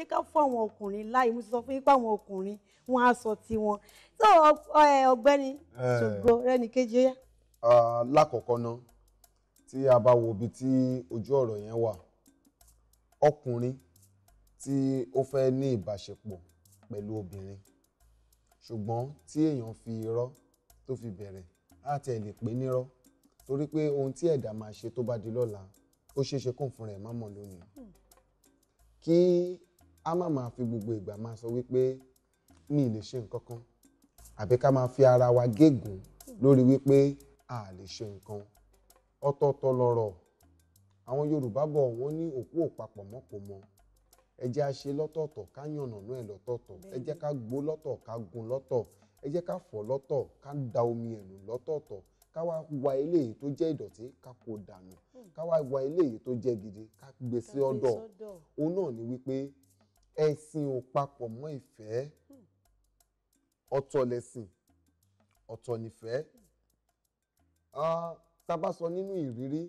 jẹ́ ká fún àwọn ọkùnrin láàyè mo ti sọ fún yín pé àwọn ọkùnrin wọn á sọ tiwọn tó ọ̀gbẹ́ni Ṣògo Rẹ́nikejì ó yá. lákọ̀ọ́kọ́ ná tí a bá wo ibi tí ojú ọ̀rọ̀ yẹn wà ọkùnrin tí ó fẹ́ ní ìbáṣepọ̀ pẹ̀lú obìnrin ṣùgbọ́n tí èèyàn fi irọ́ tó fi bẹ̀rẹ̀ á tẹ̀ lè pé nírọ́ torí pé ohun tí ẹ̀dá máa ṣe tó bá di lọ́la ó ṣeé ṣe kóun fúnra ẹ̀ má mọ̀ lónìí hmm. kí a má máa fi gbogbo ìgbà máa sọ wípé mi lè ṣe nǹkan kan àbí ká máa fi ara wa gégùn lórí wípé a lè ṣe nǹkan ọ̀tọ̀ọ̀tọ̀ lọ̀rọ̀ àwọn Yorùbá bọ̀ wọ́n ní òkú òpapọ̀ mọ́pọ̀ mọ́ ẹ jẹ́ a ṣe lọ́tọ̀ọ̀tọ̀ ká yànnàná ẹ̀ lọ́tọ̀ọ̀tọ̀ ẹ jẹ́ ká gbó lọ́tọ̀ ká gun lọ́tọ̀ ẹ jẹ́ ká fọ̀ lọ́tọ̀ ká da omi ẹ̀nu lọ́tọ̀ọ̀tọ̀ ká wá wa eléyìí tó jẹ́ ìdọ̀tí ká kó dànù ká wá wa eléyìí tó jẹ́ gidi ká gbé sí ọ̀dọ̀ òun náà ni wípé ẹ̀sìn ò papọ̀ mọ́ ìfẹ́ ọ̀tọ̀ lẹ̀sìn ọ̀tọ̀ nìfẹ́ tá a bá sọ nínú ìrírí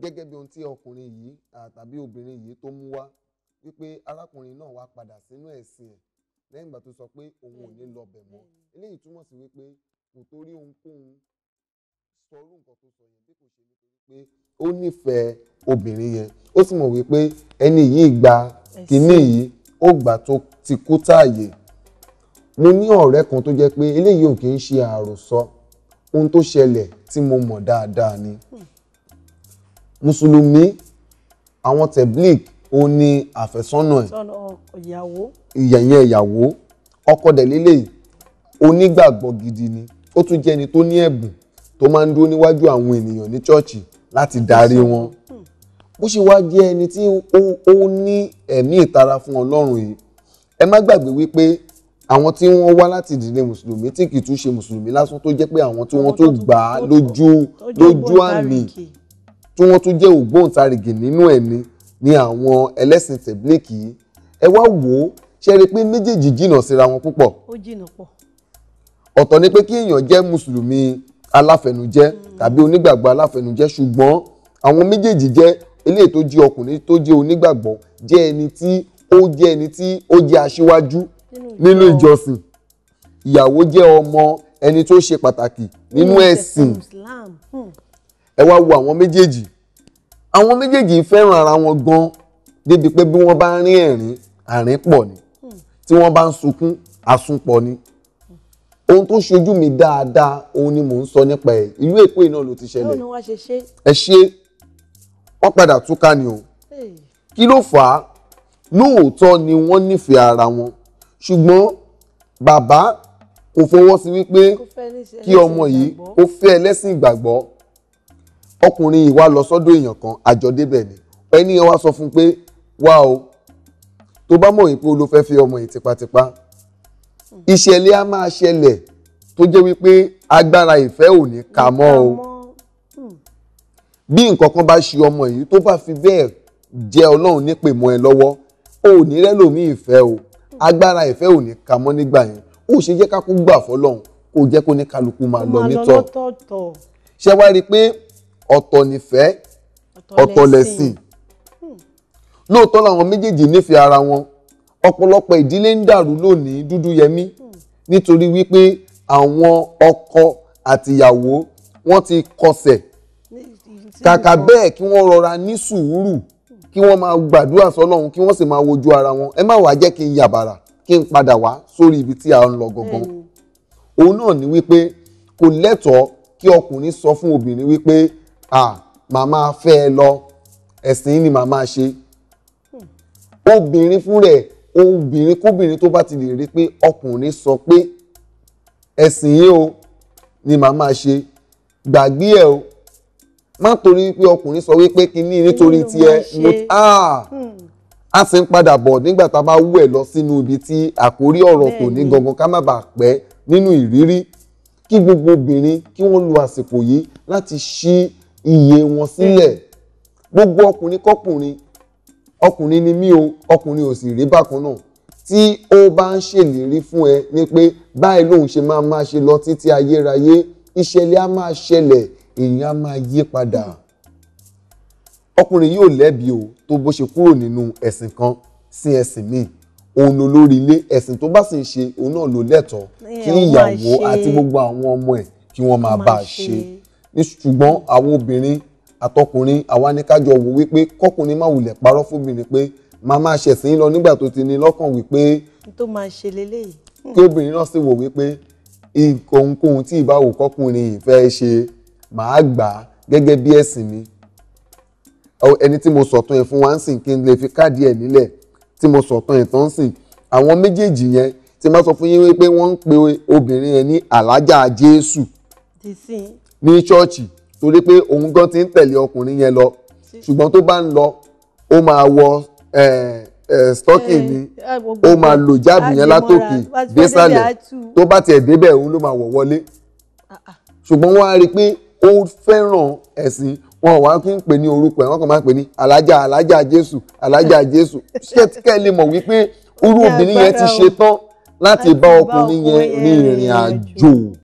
gẹ́gẹ́ bí ohun tí ọkùnrin yìí tàbí obìnrin yìí tó mú wá wípé arákùnrin náà wá padà sínú ẹ̀sìn ẹ̀ lẹ́yìn ìgbà tó sọ pé òun ò ní lọ bẹ̀ mọ́ eléyìí túmọ̀ sí wípé kò torí ohunkóhun sọrú nǹkan tó sọ yẹn bí kò ṣe nítorí pé ó nífẹ̀ẹ́ obìnrin yẹn ó sì mọ̀ wípé ẹni yìí gba kínní yìí ó gbà tó ti kú táàyè mo ní ọ̀rẹ́ kan tó jẹ́ pé eléyìí ò kì í ṣe àròsọ ohun tó ṣẹlẹ̀ tí mo mọ̀ dáadáa ni hmm. mùsùlùmí àwọn teblik ó ní àfẹ́sọ́nà ẹ̀ ìyẹn ìyàwó ọkọ dẹ̀ lélẹ́yìí onígbàgbọ́ gidi ni ó tún jẹ́ ẹni tó ní ẹ̀bùn tó máa ń dúró níwájú àwọn ènìyàn ní chọ́ọ̀chì láti darí wọn bó ṣe wá jẹ́ ẹni tí ó ní ẹ̀mí ìtara fún ọlọ́run yìí ẹ má gbàgbé wípé àwọn tí wọ́n wá láti ìdílé mùsùlùmí tí kì í tún ṣe mùsùlùmí lásán tó jẹ́ pé àwọn tí wọ́n tó gbà á lójú àmì tí wọ́n tó jẹ́ ògbóǹtarìgì nínú ẹ̀mí ni àwọn ẹlẹ́sìn tẹ̀blíkì yìí ẹ wá wò ó ṣe rí i pé méjèèjì jìnnà síra wọn púpọ̀ ọ̀tọ̀ ni pé kí èèyàn jẹ́ mùsùlùmí aláfẹnujẹ́ tàbí onígbàgbọ́ aláfẹnujẹ́ ṣùgbọ́n àwọn méjèèjì jẹ́ eléyìí tó jẹ́ ọkùnrin tó jẹ́ onígbàgbọ́ jẹ́ ẹni tí ó jẹ́ ẹni tí ó jẹ́ aṣíwájú nínú ìjọsìn ìyàwó jẹ́ ọmọ ẹni tó ṣe pàtàkì nínú ẹ̀sìn hmm. ẹ wá wo àwọn méjèèjì àwọn méjèèjì fẹ́ràn ara wọn gan débi pé bí wọ́n bá ń rín ẹ̀rín àrín pọ̀ ni hmm. tí wọ́n bá ń sunkún àsun pọ̀ ni ohun tó ṣojú mi dáadáa òun ni mò ń sọ nípa ẹ̀ ìlú Èkó iná ló ti ṣẹlẹ̀ ẹ ṣe wọ́n padà túká ni o kí ló fà á lóòótọ́ ni wọ́n nífẹ̀ẹ́ ara wọn ṣùgbọ́n bàbá kò fọwọ́ sí wípé kí ọmọ yìí ó fẹ́ ẹlẹ́sìn ìgbàgbọ́ ọkùnrin yìí wá lọ sọ́dọ̀ èèyàn kan àjọdébẹ̀ ni ẹni yẹn wá sọ fún un pé wá o tó bá mọ̀ wípé o ló fẹ́ fi ọmọ yìí tipátipá ìṣẹ̀lẹ̀ a máa ṣẹlẹ̀ tó jẹ́ wípé agbára ìfẹ́ ò ní kà mọ́ o hmm. bí nǹkan kan bá ṣe ọmọ yìí tó bá fi bẹ́ẹ̀ jẹ́ ọlọ́run nípè mọ́ ẹ lọ́wọ́ o ò ní rẹ́lòmíì fẹ́ o agbára ìfẹ́ ò ní kà mọ́ nígbà yẹn ó ṣe jẹ́ ká kó gbà fọlọ́run kó jẹ́ kó ní kálukú máa lọ nítọ̀ ṣé wá rí i pé ọ̀tọ̀ nìfẹ́ ọ̀tọ̀ lẹ̀sìn hmm. lóòótọ́ làwọn méjèèjì nífẹ̀ẹ́ ara wọn ọ̀pọ̀lọpọ̀ ìdílé ń dàrú lónìí dúdú yẹmí nítorí wípé àwọn ọkọ àtìyàwó wọ́n ti kọsẹ̀ kàkà bẹ́ẹ̀ kí wọ́n rọra ní sùúrù kí wọ́n máa gbàdúrà sọ́lọ́run kí wọ́n sì máa wojú ara wọn ẹ má wàá jẹ́ kí n yàbàrà kí n padà wá sórí ibi tí a ń lọ gangan òun náà ni wípé kò lẹ́tọ̀ọ́ kí ọkùnrin sọ fún obìnrin wípé màmá fẹ́ ẹ lọ ẹ̀sìn ni màmá ṣe hmm. obìnrin fún rẹ̀ obìnrin kóbìnrin tó bá ti lè rí pé ọkùnrin sọ pé ẹ̀sìn yìí o ni màá máa ṣe gbàgbé ẹ̀ o má torí pé ọkùnrin sọ wípé kínní nítorí tiẹ̀ mo ah! hmm. a sì ń padà bọ̀ nígbà tá a bá wú ẹ̀ lọ sínú ibi tí àkórí ọ̀rọ̀ kò ní gangan ká má bàa pẹ́ nínú ìrírí kí gbogbo obìnrin kí wọ́n lo àsìkò yìí láti ṣí iye wọn sílẹ̀ hmm. gbogbo ọkùnrin kọ́kùnrin ọkùnrin ni mí o ọkùnrin ò sì rí bákan náà tí ó bá ń ṣèlérí fún ẹ ní pé báyìí lòun ṣe máa máa ṣe lọ títí ayérayé ìṣẹ̀lẹ̀ á máa ṣẹlẹ̀ èèyàn á máa yí padà ọkùnrin yóò lẹ́bi o tó bó ṣe kúrò nínú ẹ̀sìn kan sí ẹ̀sìn míì òun ló lórí ilé ẹ̀sìn tó bá sì ń ṣe òun náà ló lẹ́tọ̀ọ́ kí ìyàwó àti gbogbo àwọn ọmọ ẹ̀ kí wọ́n máa bá a ṣe ṣùgbọ́n àwọn obìnrin àtọkùnrin àwa ní kájọ wò wípé kọkùnrin má wulẹ̀ parọ́ fóbìnrin pé máa máa ṣẹ̀sìn lọ nígbà tó ti ní lọ́kàn wípé tó máa ṣe leléyìí hmm. kí obìnrin náà sì wò wípé ohunkóhun tí ìbáwò kọkùnrin yìí fẹ́ ṣe màá gbà á gẹ́gẹ́ bí ẹ̀sìn mi ẹni tí mo sọ̀tàn ẹ̀ fún wa ń sìn kí n lè fi káàdì ẹ̀ nílẹ̀ tí mo sọ̀tàn ẹ̀ tán ń sìn àwọn méjèèjì yẹn tí má sọ fún yín wípé wọ́n ń pe obìnrin yẹn ní alájà Jésù ní ṣọ́ọ̀ṣì torí pé òun gan ti ń tẹ̀lé ọkùnrin yẹn lọ ṣùgbọ́n tó bá ń lọ ó máa wọ stocking ni eh, eh, ó máa lò jáàbù yẹn látòkè désàlẹ̀ tó bá tiẹ̀ débẹ̀ òun ló máa wọ̀ wọlé ah, ah. ṣùgbọ́n wọ́n á rí i pé ó fẹ́ràn ẹ̀sìn wọn wá kí n pè ní orúkọ ẹ wọn kàn máa pè ní alájà alájà jésù alájà jésù ṣètìkẹ́ lè mọ̀ wípé irú obìnrin yẹn ti ṣetán láti bá ọkùnrin yẹn ní ìrìn àjò.